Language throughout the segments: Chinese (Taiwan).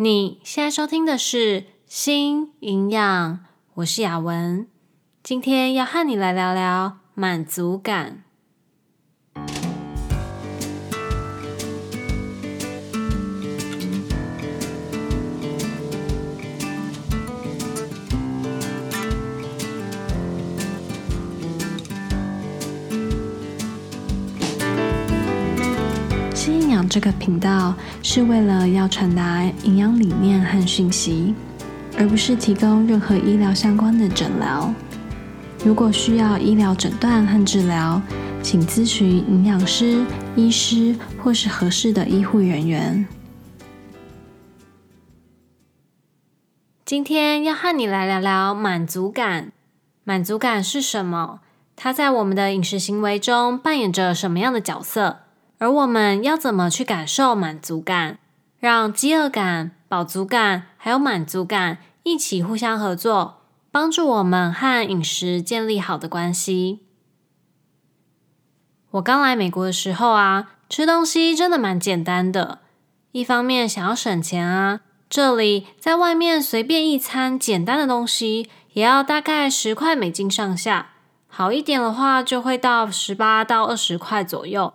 你現在收聽的是《心營養》，我是雅雯，今天要和你來聊聊滿足感。這個頻道是為了要傳達營養理念和訊息，而不是提供任何醫療相關的診療。如果需要醫療診斷和治療，請諮詢營養師、醫師或是合適的醫護人員。今天要和你來聊聊滿足感。滿足感是什麼？它在我們的飲食行為中扮演着什麼樣的角色？而我們要怎麼去感受滿足感，讓飢餓感、飽足感還有滿足感一起互相合作，幫助我們和飲食建立好的關係？我剛來美國的時候啊，吃東西真的蠻簡單的。一方面想要省錢啊，這裡在外面隨便一餐簡單的東西也要大概十塊美金上下，好一點的話就會到十八到二十塊左右。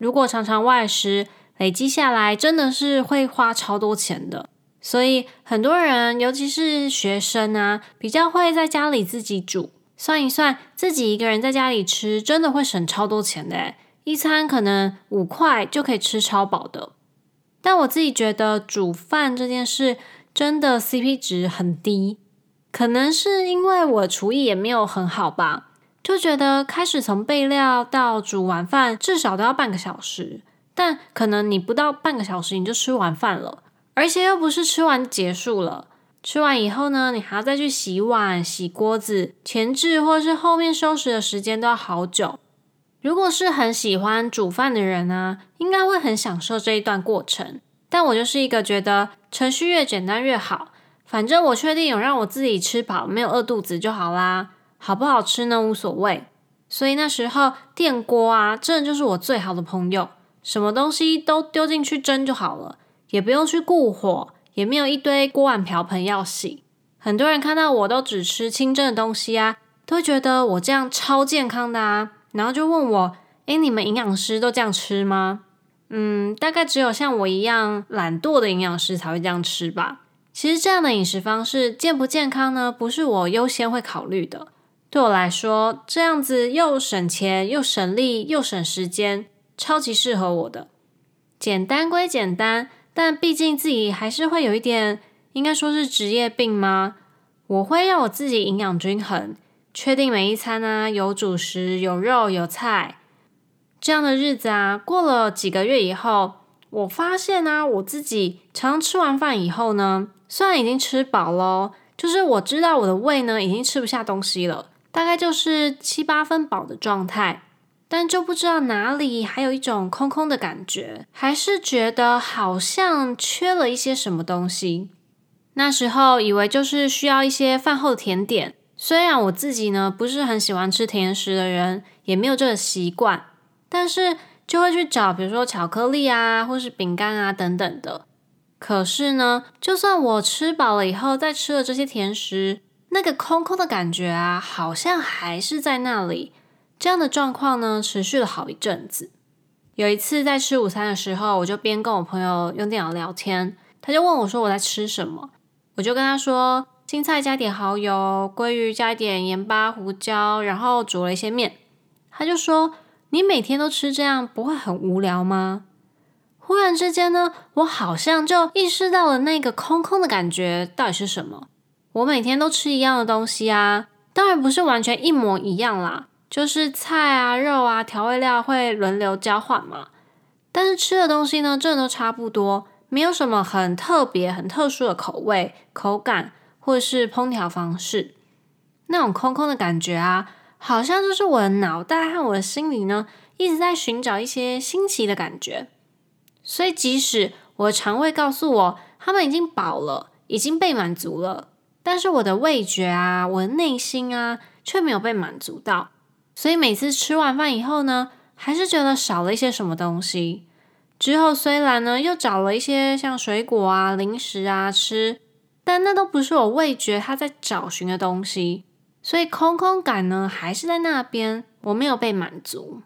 如果常常外食，累積下來真的是會花超多錢的。所以很多人，尤其是學生啊，比較會在家裡自己煮。算一算，自己一個人在家裡吃，真的會省超多錢的欸！一餐可能五塊就可以吃超飽的。但我自己覺得煮飯這件事真的 CP 值很低，可能是因為我廚藝也沒有很好吧。就覺得開始從備料到煮完飯至少都要半個小時，但可能你不到半個小時你就吃完飯了，而且又不是吃完結束了，吃完以後呢，你還要再去洗碗、洗鍋子，前置或是後面收拾的時間都要好久。如果是很喜歡煮飯的人啊，應該會很享受這一段過程。但我就是一個覺得程序越簡單越好，反正我確定有讓我自己吃飽，沒有餓肚子就好啦。好不好吃呢，無所謂，所以那時候電鍋啊，真的就是我最好的朋友，什麼東西都丟進去蒸就好了，也不用去顧火，也沒有一堆鍋碗瓢盆要洗。很多人看到我都只吃清蒸的東西啊，都會覺得我這樣超健康的啊，然後就問我：哎，你們營養師都這樣吃嗎？嗯，大概只有像我一樣懶惰的營養師才會這樣吃吧。其實這樣的飲食方式健不健康呢，不是我優先會考慮的。對我來說，這樣子又省錢又省力又省時間，超級適合我的。簡單歸簡單，但畢竟自己還是會有一點，應該說是職業病嗎？我會讓我自己營養均衡，確定每一餐啊有主食、有肉、有菜。這樣的日子啊，過了幾個月以後，我發現呢、啊，我自己常常吃完飯以後呢，雖然已經吃飽咯，就是我知道我的胃呢已經吃不下東西了。大概就是七八分飽的狀態，但就不知道哪裡還有一種空空的感覺，還是覺得好像缺了一些什麼東西。那時候以為就是需要一些飯後甜點，雖然我自己呢不是很喜歡吃甜食的人，也沒有這個習慣，但是就會去找，比如說巧克力啊，或是餅乾啊等等的。可是呢，就算我吃飽了以後再吃了這些甜食，那個空空的感覺啊，好像還是在那裡。這樣的狀況呢，持續了好一陣子。有一次在吃午餐的時候，我就邊跟我朋友用電腦聊天，他就問我說我在吃什麼。我就跟他說：“青菜加點蠔油，鮭魚加一點鹽巴、胡椒，然後煮了一些麵。”他就說：“你每天都吃這樣，不會很無聊嗎？”忽然之間呢，我好像就意識到了那個空空的感覺到底是什麼。我每天都吃一樣的東西啊，當然不是完全一模一樣啦，就是菜啊、肉啊、調味料會輪流交換嘛。但是吃的東西呢，真的都差不多，沒有什麼很特別、很特殊的口味、口感或者是烹調方式。那種空空的感覺啊，好像就是我的腦袋和我的心靈呢，一直在尋找一些新奇的感覺。所以，即使我的腸胃告訴我他們已經飽了，已經被滿足了。但是我的味覺啊，我的內心啊，卻沒有被滿足到，所以每次吃完飯以後呢，還是覺得少了一些什麼東西。之後雖然呢，又找了一些像水果啊、零食啊吃，但那都不是我味覺它在找尋的東西，所以空空感呢，還是在那邊，我沒有被滿足。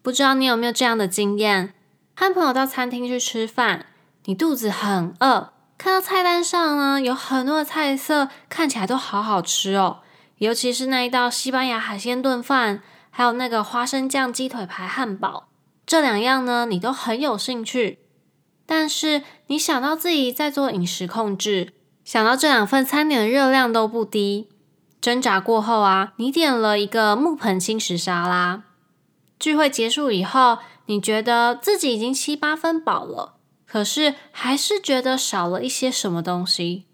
不知道你有沒有這樣的經驗？和朋友到餐廳去吃飯，你肚子很餓。看到菜單上呢，有很多的菜色，看起來都好好吃哦。尤其是那一道西班牙海鮮燉飯，還有那個花生醬雞腿排漢堡，這兩樣呢，你都很有興趣。但是你想到自己在做飲食控制，想到這兩份餐點的熱量都不低，掙扎過後啊，你點了一個木盆輕食沙拉。聚會結束以後，你覺得自己已經七八分飽了。可是還是覺得少了一些什麼東西。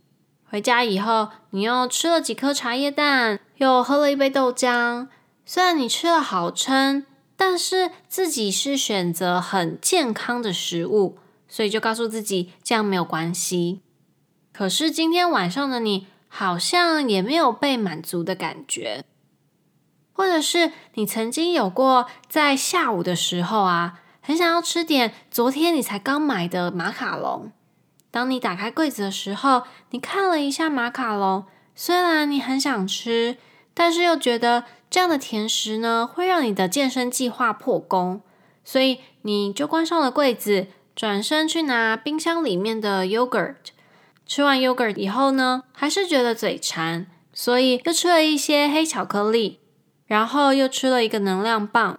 回家以後，你又吃了幾顆茶葉蛋，又喝了一杯豆漿。雖然你吃了好撐，但是自己是選擇很健康的食物，所以就告訴自己這樣沒有關係。可是今天晚上的你，好像也沒有被滿足的感覺，或者是你曾經有過在下午的時候啊。很想要吃點昨天你才剛買的馬卡龍。當你打開櫃子的時候，你看了一下馬卡龍，雖然你很想吃，但是又覺得這樣的甜食呢，會讓你的健身計劃破功，所以你就關上了櫃子，轉身去拿冰箱裡面的 yogurt。吃完 yogurt 以後呢，還是覺得嘴饞，所以又吃了一些黑巧克力，然後又吃了一個能量棒。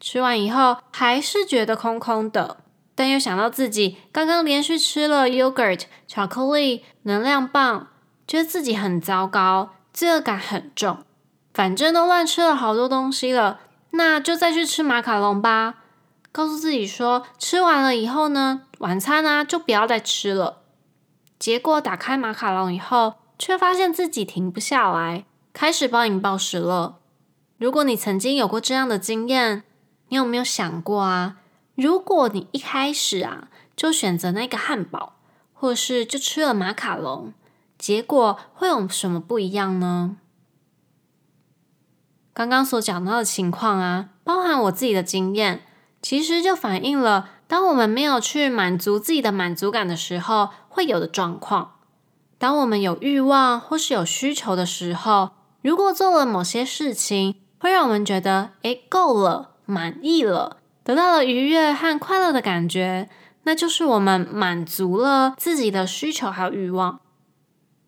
吃完以後還是覺得空空的，但又想到自己剛剛連續吃了 yogurt、巧克力、能量棒，覺得自己很糟糕，罪惡感很重。反正都亂吃了好多東西了，那就再去吃馬卡龍吧。告訴自己說，吃完了以後呢，晚餐啊就不要再吃了。結果打開馬卡龍以後，卻發現自己停不下來，開始暴飲暴食了。如果你曾經有過這樣的經驗，你有沒有想過啊？如果你一開始啊就選擇那個漢堡，或是就吃了馬卡龍，結果會有什麼不一樣呢？剛剛所講到的情況啊，包含我自己的經驗，其實就反映了當我們沒有去滿足自己的滿足感的時候，會有的狀況。當我們有慾望或是有需求的時候，如果做了某些事情，會讓我們覺得“哎，夠了。”滿意了，得到了愉悅和快樂的感覺，那就是我們滿足了自己的需求還有欲望。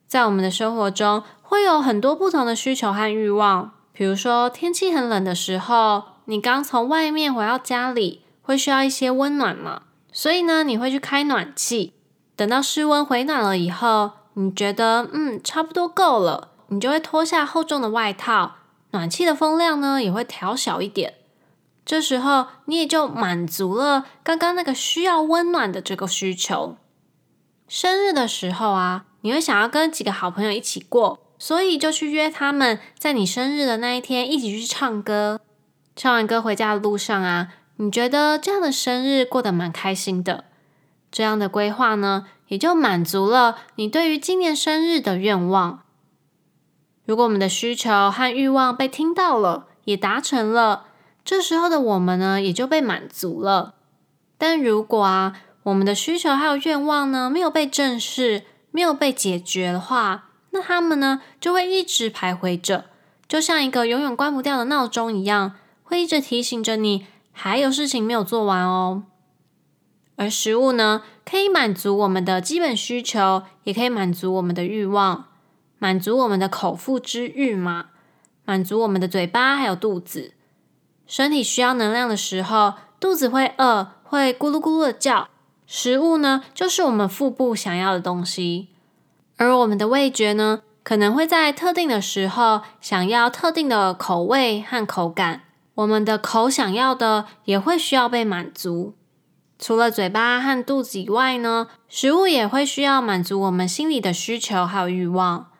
在我們的生活中，會有很多不同的需求和欲望。比如說，天氣很冷的時候，你剛從外面回到家裡，會需要一些溫暖嘛？所以呢，你會去開暖氣。等到室溫回暖了以後，你覺得嗯，差不多夠了，你就會脫下厚重的外套，暖氣的風量呢也會調小一點。這時候，你也就滿足了剛剛那個需要溫暖的這個需求。生日的時候啊，你會想要跟幾個好朋友一起過，所以就去約他們在你生日的那一天一起去唱歌。唱完歌回家的路上啊，你覺得這樣的生日過得蠻開心的。這樣的規劃呢，也就滿足了你對於今年生日的願望。如果我們的需求和慾望被聽到了，也達成了。這時候的我們呢，也就被滿足了。但如果啊，我們的需求還有願望呢，沒有被正視，沒有被解決的話，那他們呢，就會一直徘徊着，就像一個永遠關不掉的鬧鐘一樣，會一直提醒着你，還有事情沒有做完哦。而食物呢，可以滿足我們的基本需求，也可以滿足我們的慾望，滿足我們的口腹之欲嘛，滿足我們的嘴巴還有肚子。身體需要能量的時候，肚子會餓，會咕嚕咕嚕的叫。食物呢，就是我們腹部想要的東西。而我們的味覺呢，可能會在特定的時候想要特定的口味和口感。我們的口想要的也會需要被滿足。除了嘴巴和肚子以外呢，食物也會需要滿足我們心理的需求還有慾望。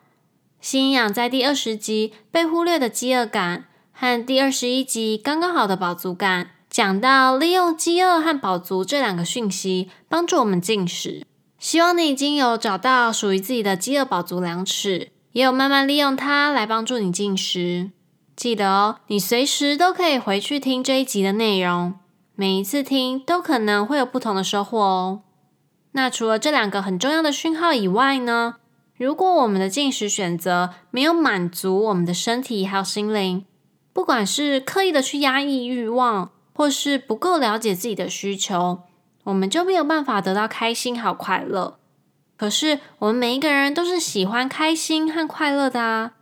心營養在第二十集被忽略的飢餓感。和第二十一集《剛剛好的飽足感》講到，利用飢餓和飽足這兩個訊息幫助我們進食。希望你已經有找到屬於自己的飢餓飽足量尺，也有慢慢利用它來幫助你進食。記得哦，你隨時都可以回去聽這一集的內容，每一次聽都可能會有不同的收穫哦。那除了這兩個很重要的訊號以外呢？如果我們的進食選擇沒有滿足我們的身體還有心靈，不管是刻意的去壓抑慾望，或是不夠了解自己的需求，我們就沒有辦法得到開心和快樂。可是，我們每一個人都是喜歡開心和快樂的啊！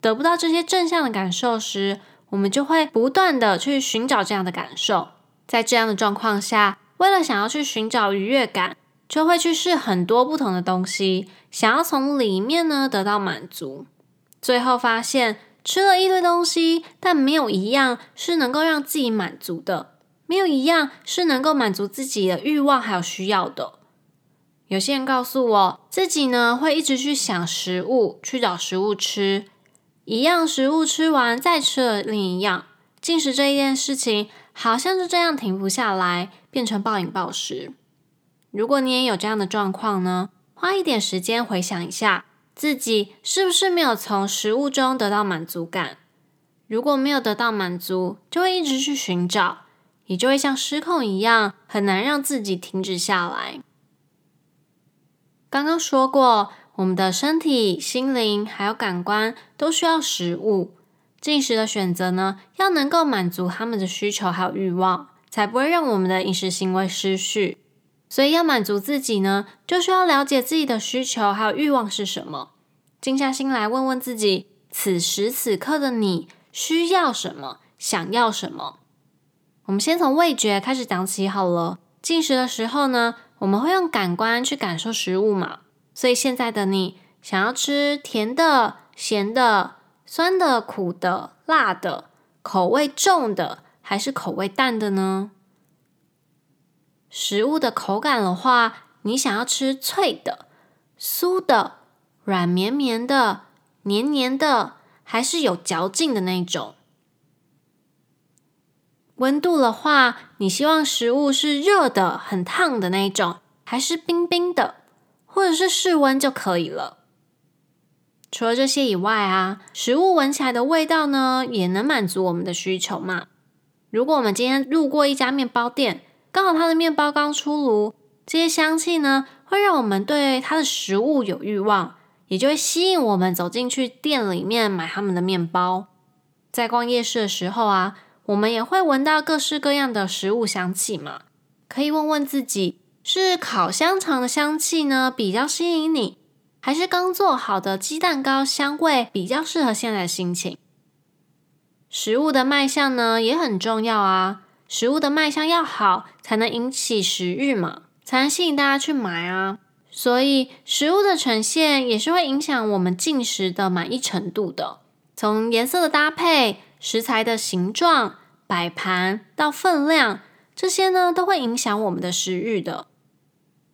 得不到這些正向的感受時，我們就會不斷的去尋找這樣的感受。在這樣的狀況下，為了想要去尋找愉悅感，就會去試很多不同的東西，想要從裡面呢得到滿足，最後發現。吃了一堆東西，但沒有一樣是能夠讓自己滿足的，沒有一樣是能夠滿足自己的慾望還有需要的。有些人告訴我，自己呢會一直去想食物，去找食物吃，一樣食物吃完再吃了另一樣，進食這一件事情好像就這樣停不下來，變成暴飲暴食。如果你也有這樣的狀況呢，花一點時間回想一下。自己是不是沒有從食物中得到滿足感？如果沒有得到滿足，就會一直去尋找，也就會像失控一樣，很難讓自己停止下來。剛剛說過，我們的身體、心靈還有感官都需要食物。進食的選擇呢，要能夠滿足他們的需求還有欲望，才不會讓我們的飲食行為失序。所以要滿足自己呢，就需要了解自己的需求還有欲望是什麼。靜下心來問問自己，此時此刻的你需要什麼，想要什麼？我們先從味覺開始講起好了。進食的時候呢，我們會用感官去感受食物嘛。所以現在的你想要吃甜的、鹹的、酸的、苦的、辣的，口味重的，還是口味淡的呢？食物的口感的話，你想要吃脆的、酥的、軟綿綿的、黏黏的，還是有嚼勁的那一種？溫度的話，你希望食物是熱的、很燙的那一種，還是冰冰的，或者是室溫就可以了？除了這些以外啊，食物聞起來的味道呢，也能滿足我們的需求嘛？如果我們今天路過一家麵包店。剛好它的麵包剛出爐，這些香氣呢會讓我們對它的食物有慾望，也就會吸引我們走進去店裡面買他們的麵包。在逛夜市的時候啊，我們也會聞到各式各樣的食物香氣嘛。可以問問自己，是烤香腸的香氣呢比較吸引你，還是剛做好的雞蛋糕香味比較適合現在的心情？食物的賣相呢也很重要啊。食物的賣相要好，才能引起食欲嘛，才能吸引大家去買啊。所以，食物的呈現也是會影響我們進食的滿意程度的。從顏色的搭配、食材的形狀、擺盤到分量，這些呢都會影響我們的食欲的。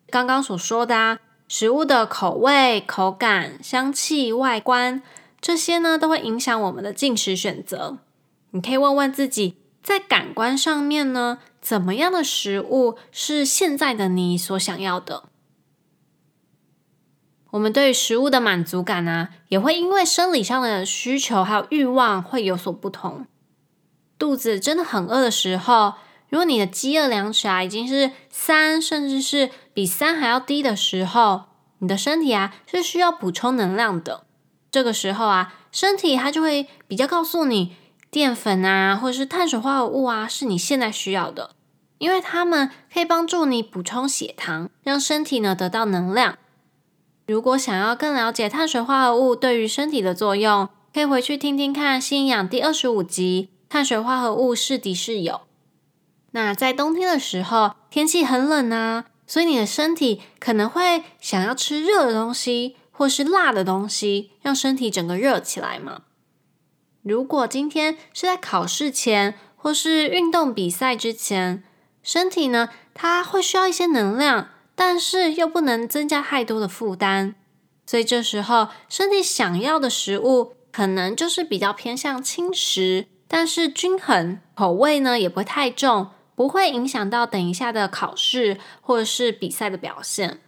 剛剛所說的啊，食物的口味、口感、香氣、外觀，這些呢都會影響我們的進食選擇。你可以問問自己。在感官上面呢，怎麼樣的食物是現在的你所想要的？我們對食物的滿足感呢、啊，也會因為生理上的需求還有欲望會有所不同。肚子真的很餓的時候，如果你的飢餓量尺啊已經是三，甚至是比三還要低的時候，你的身體啊是需要補充能量的。這個時候啊，身體它就會比較告訴你。澱粉啊，或者是碳水化合物啊，是你現在需要的，因為它們可以幫助你補充血糖，讓身體呢得到能量。如果想要更了解碳水化合物對於身體的作用，可以回去聽聽看《心營養》第二十五集《碳水化合物是敵是友》。那在冬天的時候，天氣很冷啊，所以你的身體可能會想要吃熱的東西，或是辣的東西，讓身體整個熱起來嘛。如果今天是在考試前或是運動比賽之前，身體呢，它會需要一些能量，但是又不能增加太多的負擔，所以這時候身體想要的食物可能就是比較偏向輕食，但是均衡口味呢也不會太重，不會影響到等一下的考試或者是比賽的表現。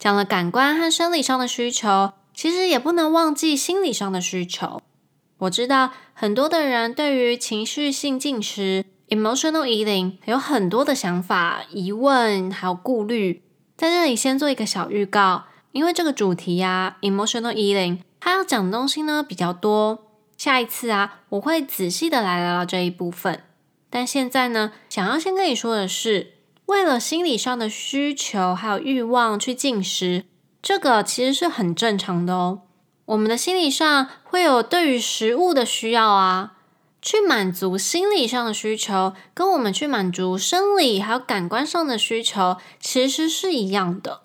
講了感官和生理上的需求。其實也不能忘記心理上的需求。我知道很多的人對於情緒性進食 （emotional eating） 有很多的想法、疑問，還有顧慮。在這裡先做一個小預告，因為這個主題呀，啊，emotional eating，它要講的東西呢比較多。下一次啊，我會仔細的來聊聊這一部分。但現在呢，想要先跟你說的是，為了心理上的需求還有慾望去進食。這個其實是很正常的哦。我們的心理上會有對於食物的需要啊，去滿足心理上的需求，跟我們去滿足生理還有感官上的需求其實是一樣的。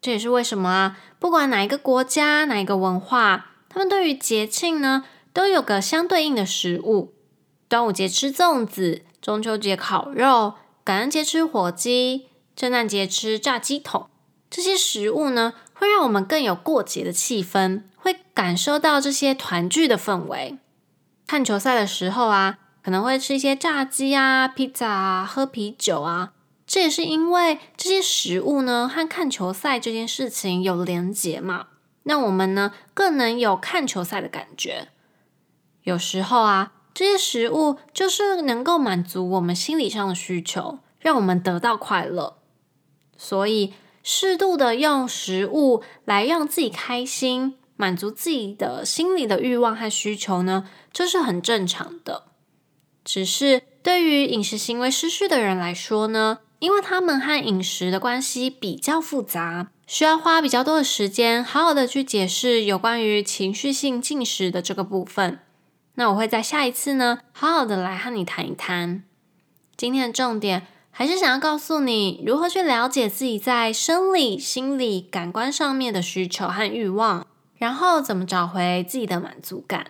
這也是為什麼啊，不管哪一個國家、哪一個文化，他們對於節慶呢都有個相對應的食物。端午節吃粽子，中秋節烤肉，感恩節吃火雞，聖誕節吃炸雞桶，這些食物呢。會讓我們更有過節的氣氛，會感受到這些團聚的氛圍。看球賽的時候啊，可能會吃一些炸雞啊、披薩啊、喝啤酒啊。這也是因為這些食物呢和看球賽這件事情有連結嘛。那我們呢更能有看球賽的感覺。有時候啊，這些食物就是能夠滿足我們心理上的需求，讓我們得到快樂。所以，適度的用食物來讓自己開心，滿足自己的心理的慾望和需求呢，這、就是很正常的。只是對於飲食行為失序的人來說呢，因為他們和飲食的關係比較複雜，需要花比較多的時間，好好的去解釋有關於情緒性進食的這個部分。那我會在下一次呢，好好的來和你談一談今天的重點。還是想要告訴你如何去了解自己在生理、心理、感官上面的需求和慾望，然後怎麼找回自己的滿足感。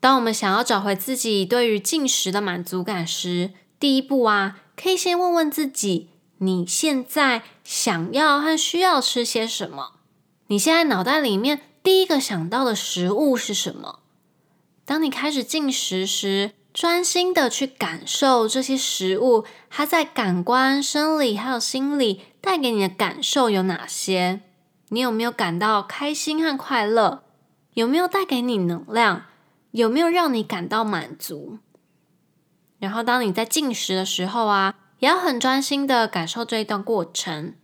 當我們想要找回自己對於進食的滿足感時，第一步啊，可以先問問自己：你現在想要和需要吃些什麼？你現在腦袋裡面第一個想到的食物是什麼？當你開始進食時，專心的去感受這些食物，它在感官、生理還有心理帶給你的感受有哪些？你有沒有感到開心和快樂？有沒有帶給你能量？有沒有讓你感到滿足？然後，當你在進食的時候啊，也要很專心的感受這一段過程。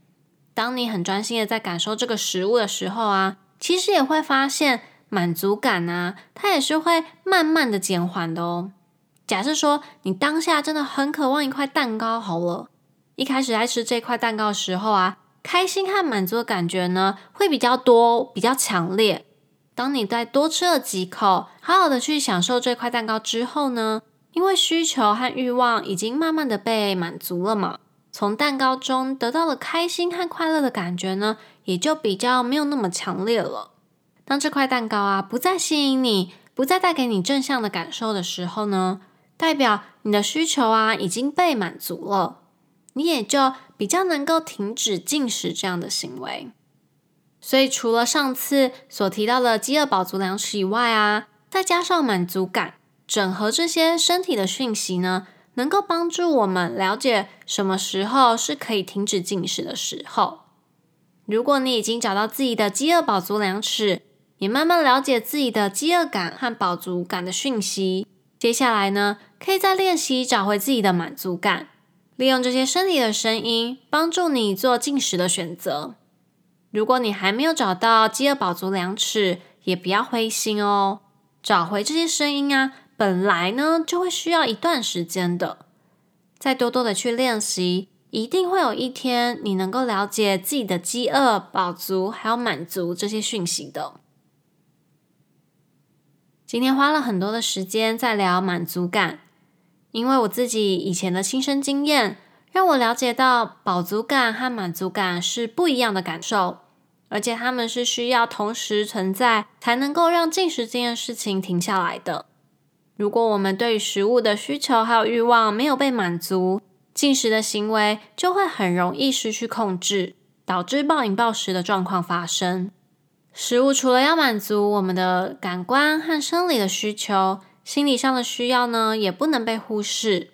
當你很專心的在感受這個食物的時候啊，其實也會發現滿足感啊，它也是會慢慢的減緩的哦。假設說你當下真的很渴望一塊蛋糕，好了，一開始在吃這塊蛋糕的時候啊，開心和滿足的感覺呢會比較多、比較強烈。當你再多吃了幾口，好好的去享受這塊蛋糕之後呢，因為需求和欲望已經慢慢的被滿足了嘛，從蛋糕中得到了開心和快樂的感覺呢，也就比較沒有那麼強烈了。當這塊蛋糕啊不再吸引你，不再帶給你正向的感受的時候呢，代表你的需求啊已經被滿足了，你也就比較能夠停止進食這樣的行為。所以除了上次所提到的飢餓飽足量尺以外啊，再加上滿足感，整合這些身體的訊息呢，能夠幫助我們了解什麼時候是可以停止進食的時候。如果你已經找到自己的飢餓飽足量尺，也慢慢了解自己的飢餓感和飽足感的訊息，接下來呢？可以再練習找回自己的滿足感，利用這些生理的聲音幫助你做進食的選擇。如果你還沒有找到飢餓、飽足、量尺，也不要灰心哦。找回這些聲音啊，本來呢就會需要一段時間的。再多多的去練習，一定會有一天你能夠了解自己的飢餓、飽足，還有滿足這些訊息的。今天花了很多的時間在聊滿足感。因為我自己以前的親身經驗，讓我了解到飽足感和滿足感是不一樣的感受，而且它們是需要同時存在，才能夠讓進食這件事情停下來的。如果我們對於食物的需求還有欲望沒有被滿足，進食的行為就會很容易失去控制，導致暴飲暴食的狀況發生。食物除了要滿足我們的感官和生理的需求，心理上的需要呢，也不能被忽視。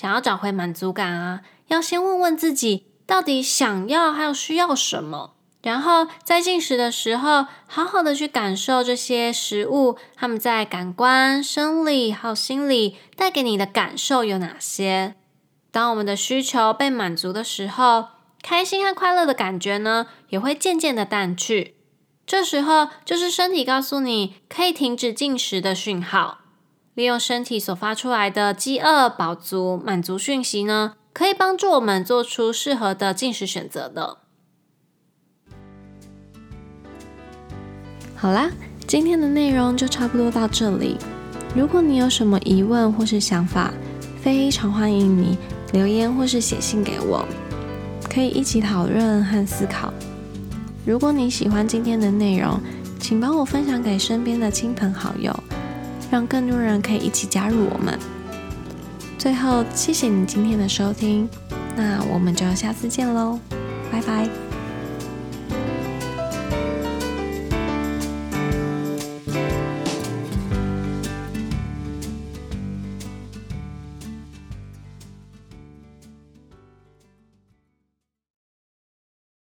想要找回滿足感啊，要先問問自己，到底想要還有需要什麼。然後在進食的時候，好好的去感受這些食物，它們在感官、生理還有心理帶給你的感受有哪些。當我們的需求被滿足的時候，開心和快樂的感覺呢，也會漸漸的淡去。這時候就是身體告訴你可以停止進食的訊號。利用身體所發出來的飢餓、飽足、滿足訊息呢，可以幫助我們做出適合的進食選擇的。好啦，今天的內容就差不多到這裡。如果你有什麼疑問或是想法，非常歡迎你留言或是寫信給我，可以一起討論和思考。如果你喜歡今天的內容，請幫我分享給身邊的親朋好友。讓更多人可以一起加入我們。最後，謝謝你今天的收聽，那我們就下次見嘍，拜拜。